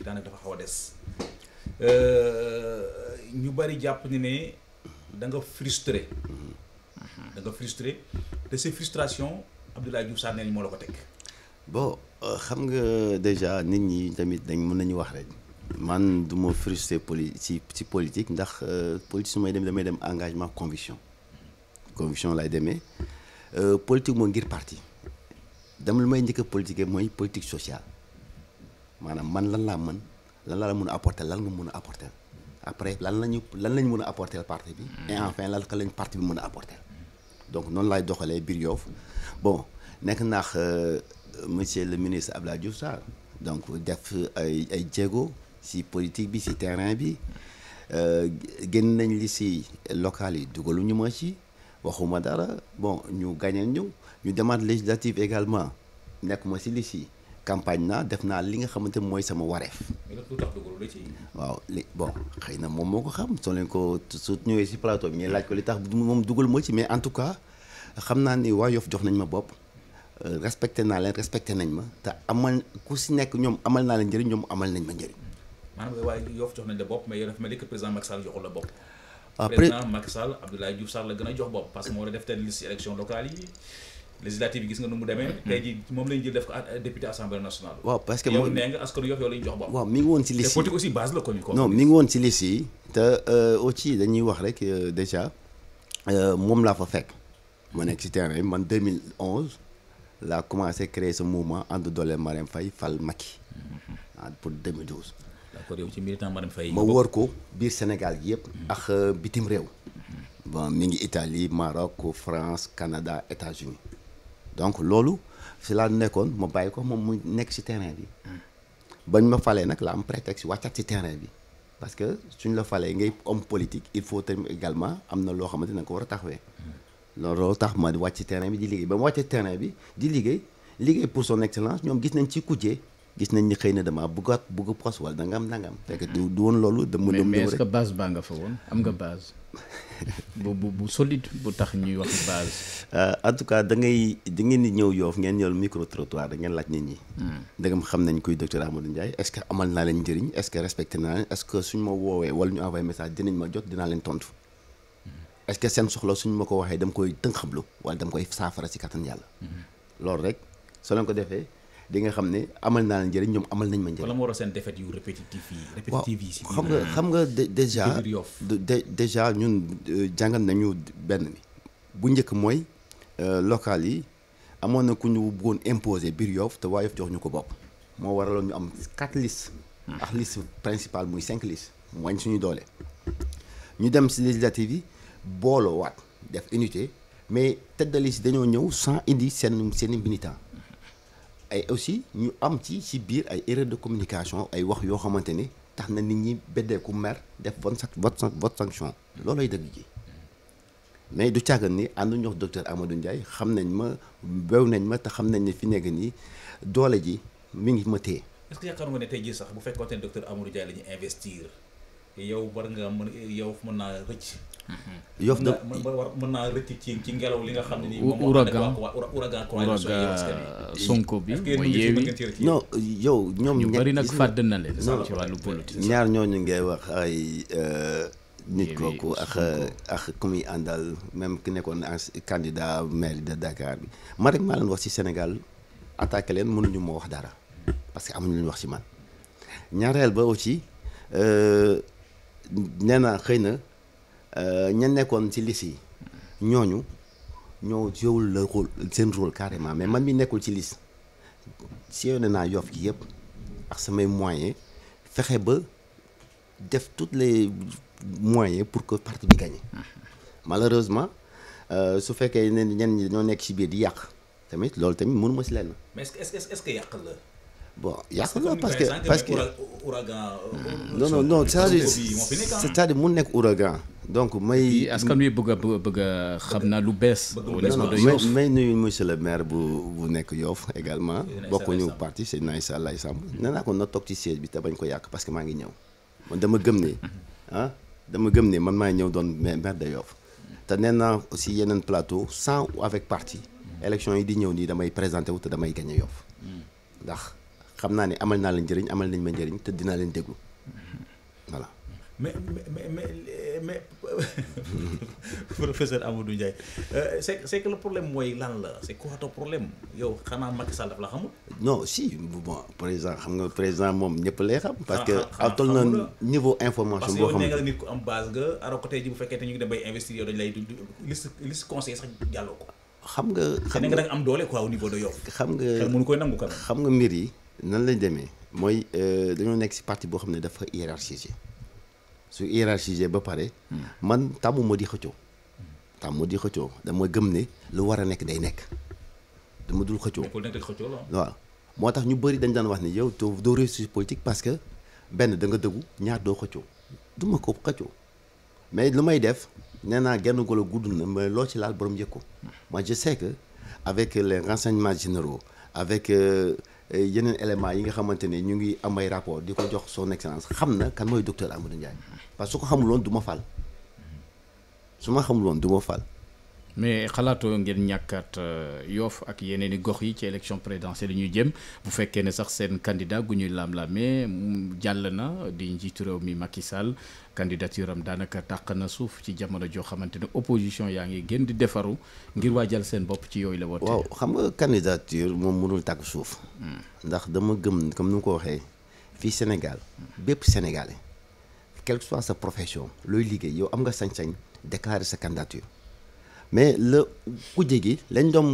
ci dafa xaw a des euh, ñu bari jàpp ni ne da nga frustré mhm. da nga frustré te ces frustrations Abdoulaye Diouf Sarr neen moo la ko teg. bon euh, xam nga déjà nit ñi tamit dañ mën nañu wax rek. man du ma frustré poli ci ci politique ndax euh, politique su may dem damay dem engagement conviction conviction lay demee politique moo ngir parti dama lu may njëkk a politique mooy politique sociale. maanaam man lan laa mën lan laa mën a apporter lan nga mën a apporter après lan lañu lan lañ mën a apporter parti bi et mm. enfin lan ka lañ parti bi mën a donc noonu laay doxalee biir yoofu bon nekk naax euh, monsieur le ministre Abdoulaye Diouf Sarr donc def ay ay jéego si politique bi si terrain bi euh, génn nañ li si local yi dugalu ñu ma ci waxuma dara bon ñu gañal ñu ñu demande législative également nekk ma si li si campagne naa def naa li nga xamante mooy sama wareef. waaw li bo xëy na moom moo ko xam soo leen ko su ñëwee si plateau bi ngeen laaj ko li tax moom dugal ma ci mais en tout cas xam naa ni waa Yoff jox nañ ma bopp euh, respecté naa leen respecté nañ ma te amal ku si nekk ñoom amal naa leen njëriñ ñoom amal nañ ma njëriñ. maanaam waaye Yoff jox nañ la bopp mais yow dafa mel ni président Macky Sall la bopp. Ah, président Macky Sall Abdoulaye Diouf la gën a jox bopp parce que moo def telle liste élection locale yi. législative yi gis nga nu mu demee. Hmm. tey moom la ñu jël def ko député assemblée nationale. waaw parce que yow nee nga askan Yoff yow la ñu jox bopp. waaw mi ngi woon ci liste yi te euh, aussi la ko dañuy wax rek euh, déjà euh, moom laa fa fekk. ma nekk ci terrain man 2011 laa commencé créer ce mouvement ànd doole Marème Faye fal Macky mm-hmm. ah, pour 2012. d'accord yow ci militant Marème Faye. ma wër ko biir Sénégal yëpp. Mm-hmm. ak bitim réew. Mm-hmm. bon mi ngi Italie Maroc France Canada États-Unis donc loolu si laa nekkoon ma bàyyi ko moom mu nekk si terrain bi ba ñu ma falee nag la am prétexte wàccaat si terrain bi parce que suñ la falee ngay homme politique il faut tamit également am na loo xamante na ko war a taxawee loolu tax ma wàcc si terrain bi di liggéey ba ma wàccee terrain bi di liggéey liggéey pour son excellence ñoom gis nañ ci kujjee gis nañ ni xëy na damaa bëgg a bëgg pos wala dangam dangam fekk du woon loolu. da mu dem mais est base baa nga fa woon am nga base. bu bu bu solide bu tax ñuy wax base. Euh, en tout cas da ngay da ngeen di ñëw yoof ngeen ñëw micro trottoir da ngeen laaj nit ñi. Hmm. ndegam xam nañ kuy docteur Amadou Ndiaye est-ce que amal naa leen njëriñ est-ce que respecté naa leen est-ce que suñ ma woowee wala ñu envoyé message dinañ ma jot dinaa leen tontu. Hmm. est que seen soxla suñ ma ko waxee dama koy tënk xablu wala dama koy saafara si kattan yàlla. Hmm. loolu rek soo leen ko defee. di nga xam ne amal naa la njëriñ ñoom amal nañ ma njëriñ. wala seen défaite yu répétitif yi. répétitif yi si xam nga xam nga euh, déjà déjà ñun euh, jàngal nañu benn bi bu njëkk mooy euh, local yi amoon na ku ñu buggoon imposer biir Yoff te waa Yoff jox ñu ko bopp moo waraloon ñu am quatre listes. Hmm. ak liste principale muy cinq listes. mooñ suñu doole ñu dem si législative yi booloo waat def unité mais tête de dañoo ñëw sans indi seen seen militant. ay aussi ñu am ci ci biir ay erreur de communication ay wax yoo xamante ni tax na nit ñi bedde beddeeku mer def vote vote sanction loolooy dëgg ji mais du càggan ni ànd ñox docteur Amadou Ndiaye xam nañ ma bew nañ ma te xam nañ ni fi nekk nii doole ji mi ngi ma téye. est-ce que nga ne tey jii sax bu fekkoon ne docteur Amadou Ndiaye la ñu investir. yow war nga mën yow mën naa rëcc. Mm-hmm. ci ngelaw li nga xam ne nii. ouragan ouragan uh, sonko yow ñoom. ñu na leen sax wàllu politique. ñaar ñooñu ngay wax ay. Euh, nit kooku ak ak ku muy àndal même ki nekkoon candidat maire de Dakar bi man rek maa leen wax ci Sénégal attaqué leen mënuñu moo wax dara parce amuñu lu wax ci man ñaareel ba aussi euh, nee naa xëy na euh, ña nekkoon ci lis yi ñooñu ñoo jowul le rôle seen rôle carrément mais man mi nekkul ci si liste ne naa Yoff gi yëpp ak samay moyens fexe ba def toutes les moyens pour que parti bi gagne malheureusement euh, su fekkee ne ñenn ñi ñoo nekk ci biir di yàq tamit loolu tamit mënuma ci lenn. mais est-ce yàq la. bon yàq la parce que parce que euh, non euh, non non cest mu nekk ouragan donc may askan wi bëgg a bëgg xam na lu bees may nuyu monsieur le maire bu bu nekk Yoff également bokkuñu parti Seydina Issa Laye Samb nee naa ko na toog ci siège bi te bañ ko yàq parce que maa ngi ñëw man dama gëm ne ah dama gëm ne man maa ñëw doon maire de Yoff te nee naa aussi yeneen plateau sans ou avec parti mm. élection yi di ñëw nii damay présenté wu te damay gagné Yoff mm. ndax xam naa ni amal naa leen njëriñ amal nañ ma njëriñ te dinaa leen déglu voilà. mais mais mais mais professeur Amadou Ndiaye euh, c'est c'est que le problème mooy lan la c'est quoi ton problème yow xanaa Macky Sall daf la xamul. non si bon président xam nga président moom ñëpp lay xam. parce que ah, ah, ah toll na niveau information. boo xam ne parce que yow nee nga nit fekkee te ñu ngi dem bay lay du liste liste conseil sax jàlloo ko. xam nga xam nga da nga am doole quoi au niveau de yow. xam nga xel mënu koy nangu xam nga mbir yi. nan lañ demee mooy euh, dañoo nekk ci parti boo xam ne dafa hiérarchisé su hiérarchisé ba pare. Hmm. man tàmm di xëccoo. tàmm ma di xëccoo dama gëm ne lu war a nekk day nekk dama dul xëccoo. waaw moo tax ñu bëri dañ daan wax ne yow doo réussir politique parce que benn da nga dëggu ñaar doo xëccoo du ma ko xëccoo mais lu may def nee naa genn golo gudd na mais lool ci laal borom yëg ko hmm. moi je sais avec leen renseignements généraux avec. Euh, Eh, yeneen éléments yi nga xamante ne ñu ngi am ay rapport di ko jox son excellence xam na kan mooy docteur Amadou Ndiaye parce que su ko xamuloon du ma fal su ma xamuloon du ma fal mais xalaatoo ngeen ñàkkaat euh, Yoff ak yeneen i gox yi ci élection présidentielle yi jëm bu fekkee ne sax seen candidat gu ñuy laam jàll na di njiitu réew mi Macky Sall candidature am daanaka tàq na suuf ci jamono joo xamante ne opposition yaa ngi gën di defaru ngir waajal seen bopp ci yooyu la woote. waaw xam nga candidature moom mënul tàq suuf. Hmm. ndax dama gëm comme ni nga ko waxee fii Sénégal hmm. bépp Sénégalais quelle que soit sa profession looy liggéey yow am nga sañ-sañ déclarer sa mais la kuje gi lañ doom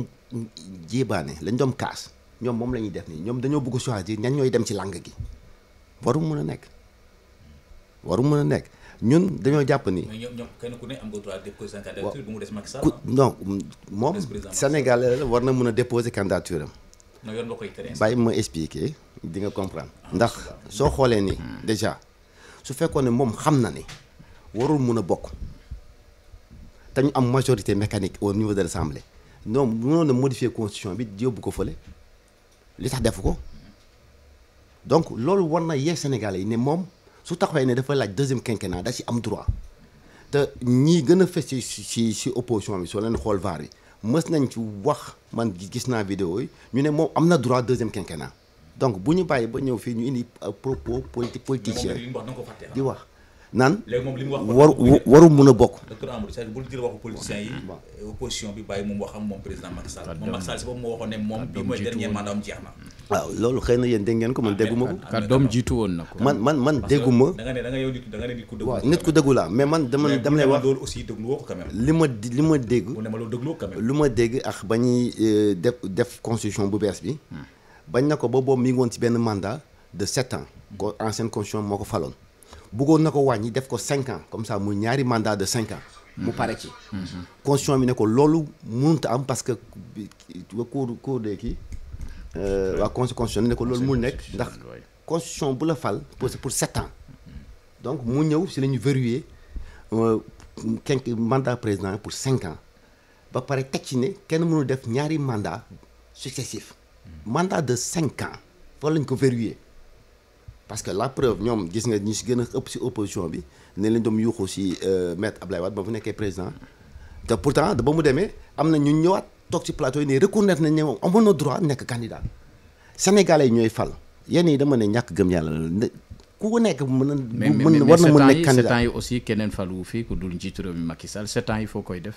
jébaane lañ doom kaas ñoom moom la ñuy def nii ñoom dañoo bugg bëgg choisir ñan ñooy dem ci làng gi waru mën a nekk waru mën a nekk ñun dañoo jàpp ni. mais ñoom kenn ku ne am nga droit déposer candidature bu mu des Macky Sall. non moom Sénégalais la war na mën a déposer candidature am. non yoon nga koy tere. bàyyi ma expliquer di nga comprendre. ndax soo xoolee nii déjà su fekkoon ne moom xam na ni warul mën a bokk. dañu am majorité mécanique au niveau de l'Assemblée ñoom mënoon na modifier constitution bi yóbbu ko fële li tax defu ko donc loolu war na yee sénégal yi ni moom su taxawee ne dafa laaj deuxième quinquennat da ci am droit te ñii gën a fes ci ci ci bi soo leen xool vaar mës nañ ci wax man gis naa vidéo yi ñu ne moom am na droit deuxième quinquennat donc bu ñu bàyyi ba ñëw fii ñu indi propos politique politicien di wax naan war waru mun a bokk docteur Amadou Sall bul jël waxu politiciens yi ah, opposition bi bàyyi moom waxam moom président Macky Sall moom Macky Sall waaw loolu xëy na yéen dégg ko man ah, dégguma ko ah, woon na ko man man man dégguma da nga ne da nga yow nit da ku dëggu laa mais man dama dama lay wax loolu aussi déglu woo ko quand même li ma li ma dégg lu ma dégg ak ba ñuy euh, def def constitution bu bees bi hmm. bañ na ko ba boobu mi ngi woon ci benn mandat de sept ans hmm. ancienne constitution moo ko faloon bëggoon na ko wàññi def ko cinq ans comme ça muy ñaari mandat de cinq ans. mu pare ci. constitution bi ne ko loolu mënut am parce que cour cour de kii. Euh, waa constitution ne ko loolu mu nekk ndax constitution bu la fal pour pour sept ans. donc mu ñëw si la ñu verrouillé kenk euh, mandat président pour cinq ans ba pare teg ci ne kenn mënul def ñaari mandat successif mandat de cinq ans fa lañ ko verrouillé. parce que la preuve ñoom gis nga ñi si gën a ëpp si opposition bi ne leen doom yuuxu si euh, maître Ablaye Wade ba mu nekkee président te pourtant ba mu demee am na ñu ñëwaat toog si plateau yi ne reconnaître nañ na moom amoon na droit nekk candidat sénégalais yi ñooy fal yenn yi dama ne ñàkk gëm yàlla la ku nekk mën na. mën war nekk candidat mais mais mais yi aussi keneen falu fi ku dul njiitu réew yi Macky Sall sept ans yi foo koy def.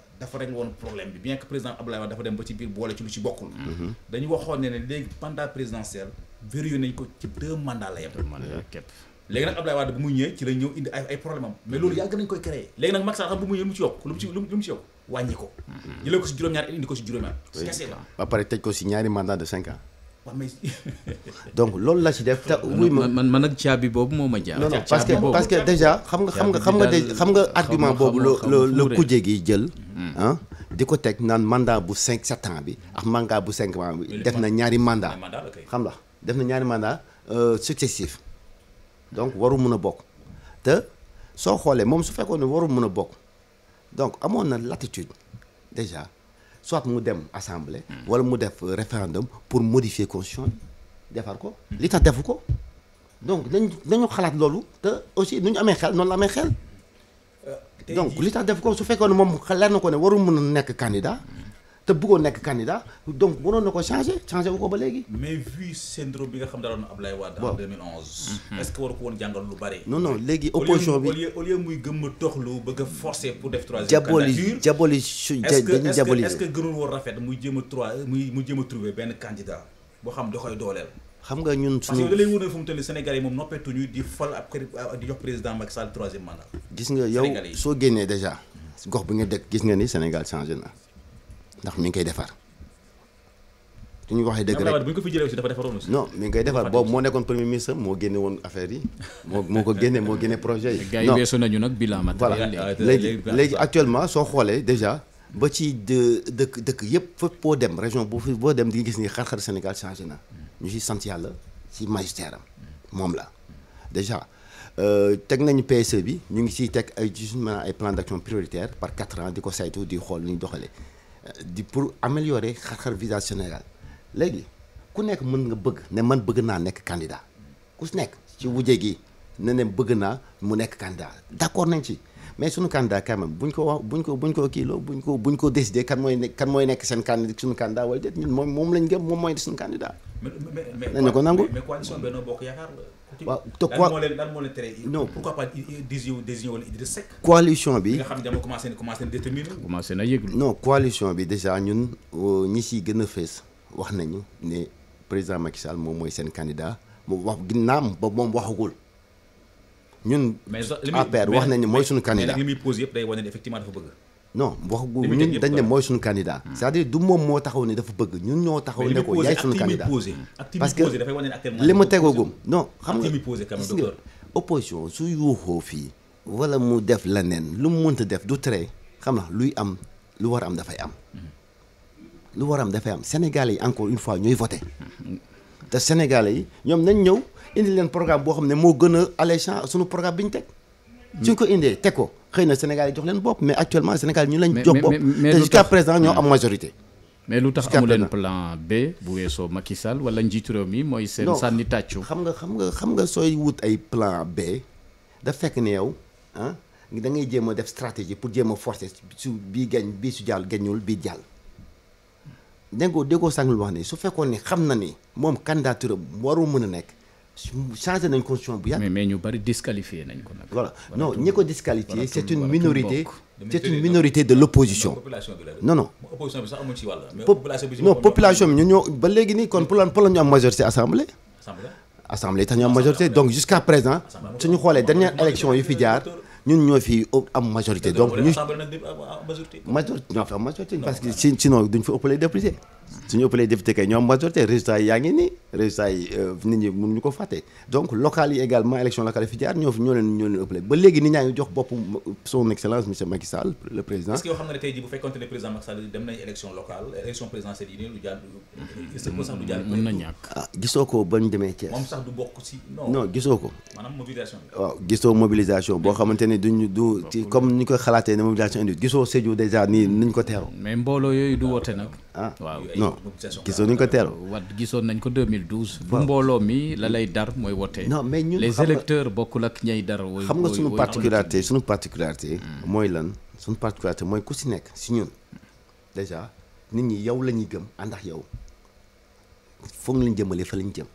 dafa réglé woon problème bi bien que président Abdoulaye Wade dafa dem ba ci biir boole ci lu ci bokkul. Mhm. dañu waxoon ne ne léegi mandat présidentiel verrouillé nañ ko ci deux mandats la yem. deux mandats képp. léegi nag Abdoulaye Wade bu muy ñëwee ci la ñëw indi ay problème am loolu lu mu ci yokk wàññi ko. Mhm. jëlee ko si juróom-ñaar indi ko si juróom-ñaar. la ba pare tëj ko si ñaari mandat de cinq ans. waaw mais donc loolu la ci def te wuy man man nag caabi boobu moo a jaar. non non parce que déjà xam nga xam nga xam xam nga argument boobu la la la ah di ko teg naan mandat bu cinq sept bi ak mandat bu cinq ans def na ñaari mandat xam la def na ñaari mandat successif donc warul mun a bokk te soo xoolee moom su fekkoon ne warul mun a bokk donc amoon na latitude déjà soit mu dem assemblée. Hmm. wala mu def euh, référendum pour modifier constitution bi defar ko hmm. li tax defu ko donc nañ nañu xalaat loolu te aussi nu ñu amee xel noonu la amee xel donc li tax def ko su fekkoon moom leer na ko ne warul mën a nekk candidat te bëggoon nekk candidat donc mënoon na ko changé changé wu ko ba léegi. mais vu syndrome bi nga xam daloon ab lay en 2011. est-ce que waru ko woon jàngal lu bari non non léegi opposition bi au lieu au lieu muy gëm a toxlu bëgg a forcer pour def. troisième candidature jaboli su dañuy jaboli est-ce que est-ce que gënul woon rafet muy jéem a trois mu muy jéem a trouver benn candidat boo xam da dooleel. xam nga ñun suñu parce que da lay moom noppeetuñu di fal ab euh, di jox président Macky Sall troisième mandat. gis nga yow soo génnee dèjà. gox bi nga dëkk gis nga ni Sénégal changé na ndax mi ngi koy defar. su waxee dëgg rek bu ñu ko fi jëlee defar boobu moo nekkoon premier ministre moo génne woon affaire yi moo moo ko génne moo génne projet yi. non voilà ah, léegi léegi actuellement soo xoolee dèjà. ba ci de dëkk dëkk yëpp fépp boo dem région boo fi boo dem di gis ni xar-xar Sénégal changé na ñu ci sant yàlla ci magistère am moom la déjà euh, teg nañu PSE bi ñu ngi ciy teg ay justement ay plan d'action prioritaire par quatre ans di ko saytu di xool ni ñu doxalee euh, di pour améliorer xar-xar visa Sénégal léegi ku nekk mën nga bëgg ne man bëgg naa nekk candidat ku nekk ci wujje gi ne ne bëgg naa mu nekk candidat d'accord nañ ci mais suñu candidat quand même buñ ko wax buñ ko buñ ko kiiloo buñ ko buñ ko décider kan mooy nekk kan mooy nekk seen candidat suñu candidat wala déet ñun moom moom ko nangu mais coalition Benno Bokk Yaakaar waaw te quoi lan moo leen bi nga xam ne dama commencé na commencé na déterminer bi déjà ñun euh, ñi siy gën a fees wax nañu ne président Macky Sall moom mooy seen candidat moom wax ginnaam ba moom waxagul ñun. APR wax nañu mooy suñu candidat mais li muy yëpp day wane ne effectivement dafa bëgg. non wax ñun dañ ne mooy suñu candidat. Hmm. c'est-à-dire du moom moo taxaw ne dafa bëgg ñun ñoo taxaw ne ko yaay suñu candidat parce que li ma tegagum non xam nga gis nga opposition su yuuxoo fii wala mu def leneen lu mu mënta def du tere xam nga luy am lu war am dafay am hmm. lu war am dafay am Sénégalais yi encore une fois ñuy voté hmm. te Sénégalais yi ñoom nañ ñëw indi leen programme boo xam ne moo gën a alléchant suñu programme bi ñu teg. Mm. suñ ko indee teg ko xëy na Sénégal yi jox leen bopp mais actuellement Sénégal ñu lañ jox bopp te jusqu'à présent ñoo am mm. majorité. mais lu tax amu leen plan B bu weesoo Macky Sall wala njiitu réew mi mooy seen sànni tàccu. xam nga xam nga xam nga sooy wut ay plan B da fekk ni yow ah da ngay jéem a def stratégie pour jéem a forcer su bii gañ bii su jàll gañul bii jàll. dégg nga déggoo sànq lu wax ni su fekkoon ni xam na ni moom candidature waru mën a nekk. changé nañ constitution bu yàgg. mais ñu bari disqualifié nañ ko nag. ko disqualifié c'est une minorité. c'est une minorité de l'opposition. non non. opposition bi sax amuñ ci wàll. mais population bi non population bi ñu ñoo ba kon pour lan ñu am majorité assemblée. assemblée donc jusqu'à présent suñu xoolee dernière élection yu fi jaar. ñun ñoo fi am majorité donc ñu. a ñoo fi am majorité parce que sinon duñ fi ëppalee député. suñu ëppalee député kay ñoom majorité résultat yi yaa ngi nii résultat yi euh, nit ñi mënuñu ko fàtte donc local yi également élection locale yi fi jaar ñoo fi ñoo leen ñoo leen ëppale ba léegi nit ñaa ngi jox bopp son excellence monsieur Macky le président est yoo xam nga ne tey jii bu fekkonte ne président Macky dem nañ élection locale élection présidentielle yi nii lu jàll est-ce que sax du jàll mën na ñàkk ah gisoo ko ba ñu demee Thiès moom sax du bokk si non gisoo ko maanaam mobilisation waaw gisoo mobilisation boo xamante ne duñu du comme ni ko xalaatee ne mobilisation individuelle gisoo Sédhiou déjà nii niñ ko teeroo mais mbooloo yooyu du woote nag ah waaw non gisoon nañ ko teeru wat gisoon nañ ko 2012 bu mbooloo mi la lay dar mooy wote non mais ñun les électeurs bokkul ak ñay dar xam nga suñu particularité suñu particularité hmm. mooy lan suñu particularité mooy ku si nekk si ñun nit ñi yow la ñuy gëm àndax yow foog lañ jëmale fa lañ jëm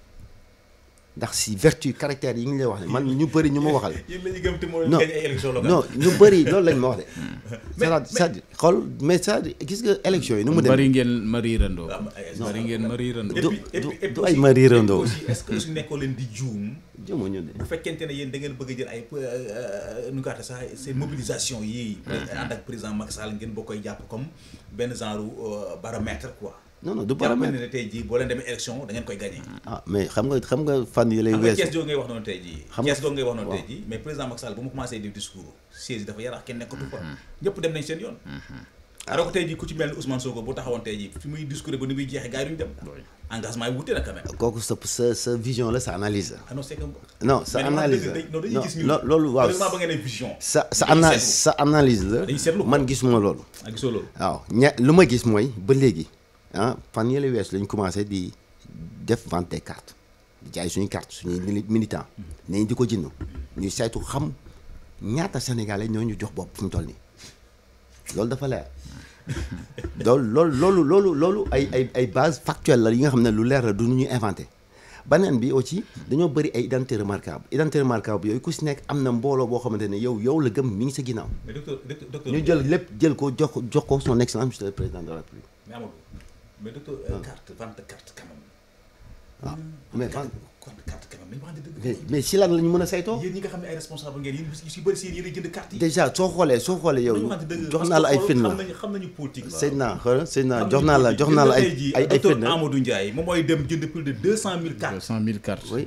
ndax si vertu caractère yi ngi lay wax ne man ñu bëri ñu ma waxal. yéen la ñu gëm te moo leen bëri loolu lañ ma wax de. Hmm. mais cest à xool mais cest gis nga élection yi nu mu demee. ngeen mari rando. bari ngeen mari rando. Ah, du du ay mari rando. est que su nekkoo leen di juum. jëmoo ñu de. bu fekkente ne yéen da ngeen bëgg a jël ay euh, euh, nu ñu sax seen mobilisation yii. Hmm. ànd ak président Macky Sall ngeen boo koy jàpp comme benn genre euh, baromètre quoi. non non du paramètre jàpp na ne tey jii boo ah, nga xam nga fan yi lay weesu Thiès googu ngay wax noonu tey jii Thiès googu ngay wax noonu tey jii mais président Macky Sall bu mu commencé di discours siège dafa yaraax kenn nekkatu fa mm-hmm. ñëpp dem nañ mm-hmm. ah. sa sa la sa analyse la ah loolu waaw vraiment ba ngeen ay sa sa analyse la man gisuma loolu ah, loolu waaw ña lu ma gis mooy ba léegi ah fan yële wees lañ commencé di def vente des cartes di jaay suñuy carte suñuy militant mm-hmm. nañ di ko jënd ñuy saytu xam ñaata sénégalais ñoo ñu jox bopp fu mu toll nii loolu dafa leer loolu loolu loolu loolu loolu ay ay ay base factuelle la yi nga xam ne lu leer la du ñu inventé baneen bi aussi dañoo bëri ay identité remarquable identité remarquable yooyu ku si nekk am na mbooloo boo xamante ne yow yow la gëm mi ngi sa ginnaaw. mais ñu jël euh, lépp jël ko jox ko jox ko son excellence monsieur président de la république. mais docteur ah. carte vente carte quand même. waaw ah. hmm. mën a saytoo. a déjà soo xoolee soo xoolee yow. jox naa la ay firnde xam nañu xam nañu politique. waaw sëñ naa xoolal sëñ jox naa la jox naa la ay ay ay firnde. docteur moom mooy dem jënd plus de 200000 cartes. 200000 cartes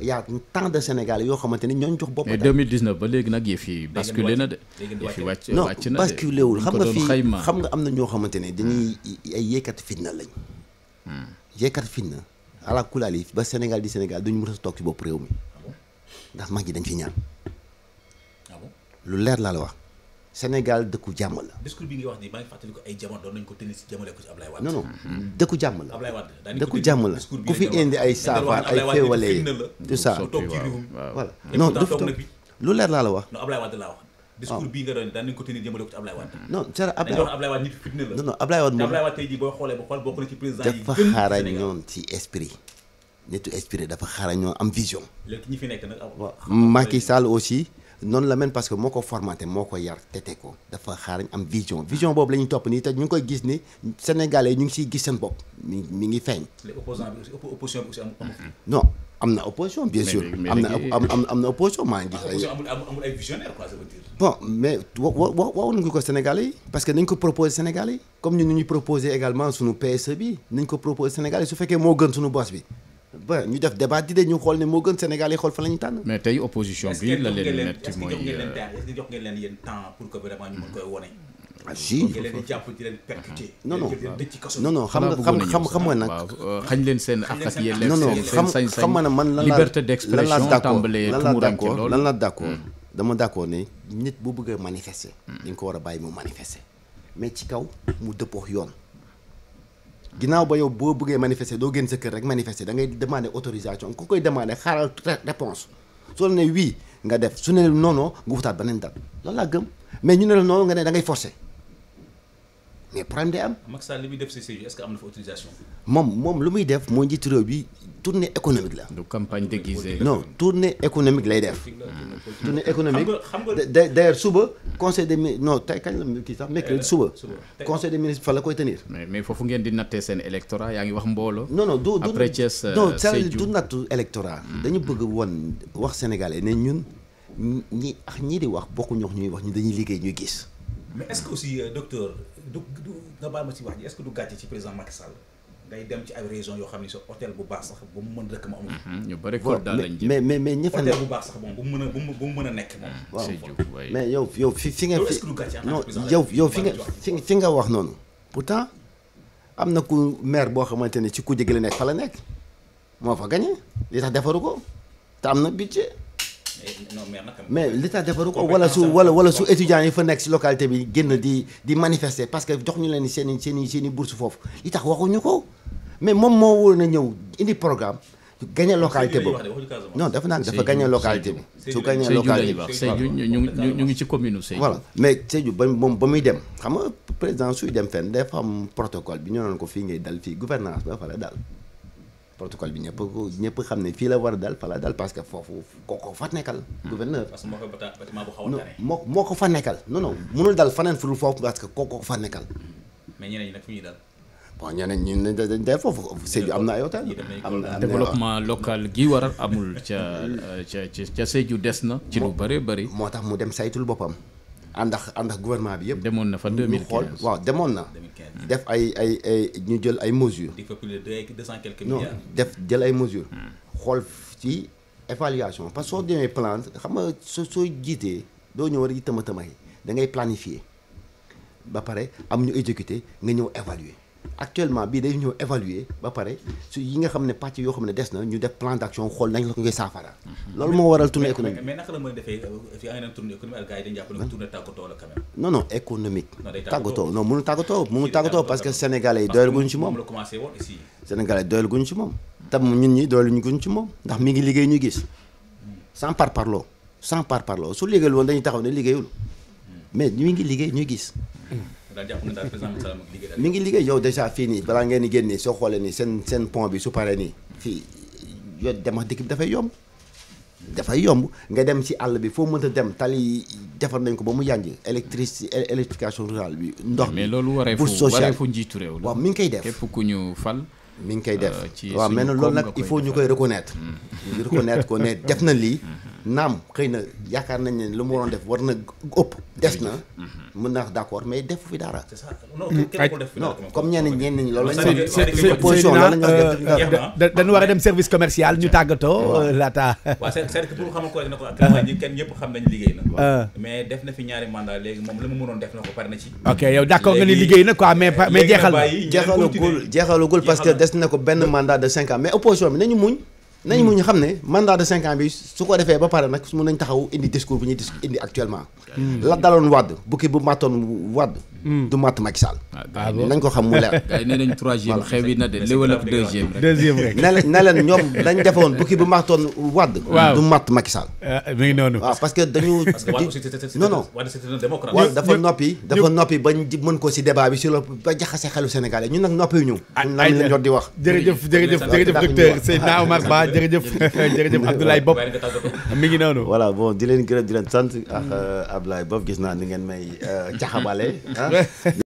y a tant de sénégal yoo xamante ni ñooñu jox bopp. mais 2019 ba léegi nag yi basculé na de. yëf yi wàcc na de non basculé wul xam nga fii xam nga am na ñoo xamante ne dañuy ay yéekat fitna lañ. Hmm. yéekat fitna ala kulaal yi ba Sénégal di Sénégal duñu mën a toog ci bopp réew mi ah ndax mag yi dañ fi ñaan. Ah lu leer laa la wax. Sénégal dëkku jàmm la. discours bi nga wax nii maa ngi fàttali ko ay jamono doon nañu ko tenir si dëkku jàmm la. ku fi indi ay saafara ay féewale yi tout ça voilà non du lu leer laa la wax. non Ablaye Wade laa wax. Ah. discours bii nga doon daan nañ ko tenir jëmale ko ci dafa xaarañoon ci esprit nitu esprit dafa am vision. léegi ñi fi nekk nag Macky Sall aussi noonu la mel parce que moo ko formaté moo ko yar tete ko dafa xaar am vision vision boobu la ñuy topp nii te ñu ngi koy gis ni Sénégalais ñu ngi siy gis seen bopp mi ngi feeñ. les opposants bi aussi opposition bi non. am na opposition bien sûr am na am am na opposition maa ngi gis ay amul ay visionnaire quoi ça veut dire bon mais ko Sénégalais yi que nañ ko proposé Sénégalais comme ñun ñu proposé également suñu PSE bi nañ ko proposé Sénégalais su fekkee moo gën suñu boss bi ba ñu def débat di de ñu xool ne moo gën Sénégal yi xool fa la ñu tànn. mais tey opposition bi la leen leen euh, temps pour que vraiment ñu mën koy wone. ah si ngeen leen di jàpp di leen xam nga xam xam xam nga nag. xañ leen seen ak ak yelleef non non xam xam nga man lan la liberté d'expression tàmbalee tumuranke lool lan la d'accord hmm. dama d'accord ne nit boo bëggee a manifester. dañ ko war a bàyyi mu manifester mais ci kaw mu dëppoo yoon. ginnaaw ba yow boo bëggee manifester doo génn sa kër rek manifester da ngay demander autorisation ko koy demander xaaral réponse soo ne wii nga def su ne noonoo nga wutaat beneen dal loolu laa gëm mais ñu ne la noonu nga ne da ngay forcer mais problème day am. Macky Sall na fa moom moom lu muy def moo njiitu réew bi tournée économique la. du campagne déguisée. non tournée économique lay def. tournée économique xam nga d'ailleurs suba. conseil de ministres non tey sax mercredi suba. conseil des ministres fa la koy tenir. mais mais foofu ngeen di nattee seen électorat yaa ngi wax mbooloo. non non du du après Thiès non euh, du nattu électorat. Mm. dañu bëgg woon wax sénégalais ne ñun ñi ax ñii di wax bokkuñu ñuy wax ñu dañuy liggéey ñu gis. mais est-ce que aussi euh, docteur. du du nga baal ma si wax ji est-ce du gàcce ci président Macky Sall ngay dem ci ay région yoo xam ne sa hôtel bu baax sax ba mu mën dëkk ma amul. am na ku maire boo xamante ni ci ku jege la nekk fa la nekk moo fa gagné li tax defaru ko te am na budget mais li taa defaru ko wala su wala wala su étudiants yi fa nekk si localité bi génn di di manifester parce que jox ñu leen seen i seen i seen i bourse foofu li tax waxuñu ko mais moom moo waroon a ñëw indi programme gañe localité boobu non dafa naan dafa gañe localité bi su gañe localité bi Sédhiou ñu ngi ci commune Sédhiou voilà mais Sédhiou ba moom ba muy dem xam nga président suy dem fen dafa am protocole bi ñu noon ko fii ngay dal fii gouvernance ba fa la daal protocole bi ñëpp ko ñëpp xam ne fii la war a dal fa la dal parce que foofu kooko fa nekkal. gouverneur parce moo ko xaw a moo moo ko fa nekkal non non mënul dal faneen fu foofu parce que kooko fa nekkal. mais ñeneen ñi nag fu ñuy dal. bon ñeneen ñi ne dañ de foofu Sédhiou am na ay hôtel am na développement local gi waral amul ca ca ca des na. ci lu bëri bari moo tax mu dem saytul boppam. àndax ak ànd ak gouvernement bi yëpp. demoon na fa 2015 ñu xool waaw demoon na. 2015 def ay ay ñu jël ay mesures. di fa plus de deux non def jël ay mesures. Hmm. xool ci évaluation parce que soo demee plante xam nga soo soo jiitee doo ñëw war yi tëma tëma yi da ngay planifier ba pare am ñu exécuter nga ñëw évaluer. actuellement bii day ñëw évaluer ba pare su yi nga xam ne pàcc yoo xam ne des na ñu def plan d' xool nañ la ko koy saafara. loolu moo waral tournée économique. mais naka la mën a defee euh, fii ay na tournée économique ak gars yi dañu jàpp ne tournée tàggatoo la tàggatoo parce que sénégalais yi doyal guñ ci moom. sénégalais yi doyal guñ ci moom. tam ñun ñi doyal guñ ci moom ndax mi ngi liggéey ñu gis sans par parloo sans par parloo su liggéeyul woon dañuy taxaw ne liggéeyul hmm. mais mi ngi liggéey ñu gis hmm. daal jàpp mu ngi liggéey daal. mi ngi liggéey yow dèjà fii nii balaa ngeen di soo xoolee nii seen seen pont bi su paree nii fii yow dem ak dikk bi dafay yomb. dafay yomb nga dem ci àll bi foo mënta dem tali defar nañ ko ba mu yànj électricité électrification rural bi. ndox bi mais loolu wareefu wareefu njiitu réew la. waaw mi ngi koy def képp ku ñu mi ngi koy def euh, waaw mais loolu nag il faut ñu koy mm. reconnaître ko ne def na lii mm-hmm. naam xëy na yaakaar nañ ne lu mu waroon def war na ëpp des na mm-hmm. mën naa d'accord mais defu fi dara non comme ñenn ñenn ñi loolu lañ opposition loolu nga def dañu war a dem service commercial ñu tàggatoo euh, laata waaw c'est-à-dire que pour xamal ko rek ne ko actuellement ñi na mais def na fi ñaari mandat léegi moom la mu mënoon ok yow d'accord nga ni liggéey na quoi mais jeexal na jeexalagul jeexalagul parce que des na ko benn mandat de cinq ans mais opposition bi nañu muñ nañ mu ñu xam ne mandat de cinq ans bi su ko defee ba pare nag mun nañ taxaw indi discours bu ñuy dis indi actuellement. la daloon wàdd bukki bu màttoon wàdd. Hmm. du màtt Macky Sall. Ah, ko xam mu leer. gars yi nee nañ troisième na leen ñoom dañ bu màttoon wàdd. du màtt Macky Sall. Ah, ah, noppi. dafa noppi bañ mën ko si débat bi sur le ba jaxase xelu Sénégalais ñun nag noppi ñu. ay ay di wax jërëjëf jërëjëf Abdoulaye Bob mi ngi noonu. voilà bon di leen gërëm di leen sant. ak euh, Abdoulaye Bob gis naa ni ngeen may caxabale. Euh, ah.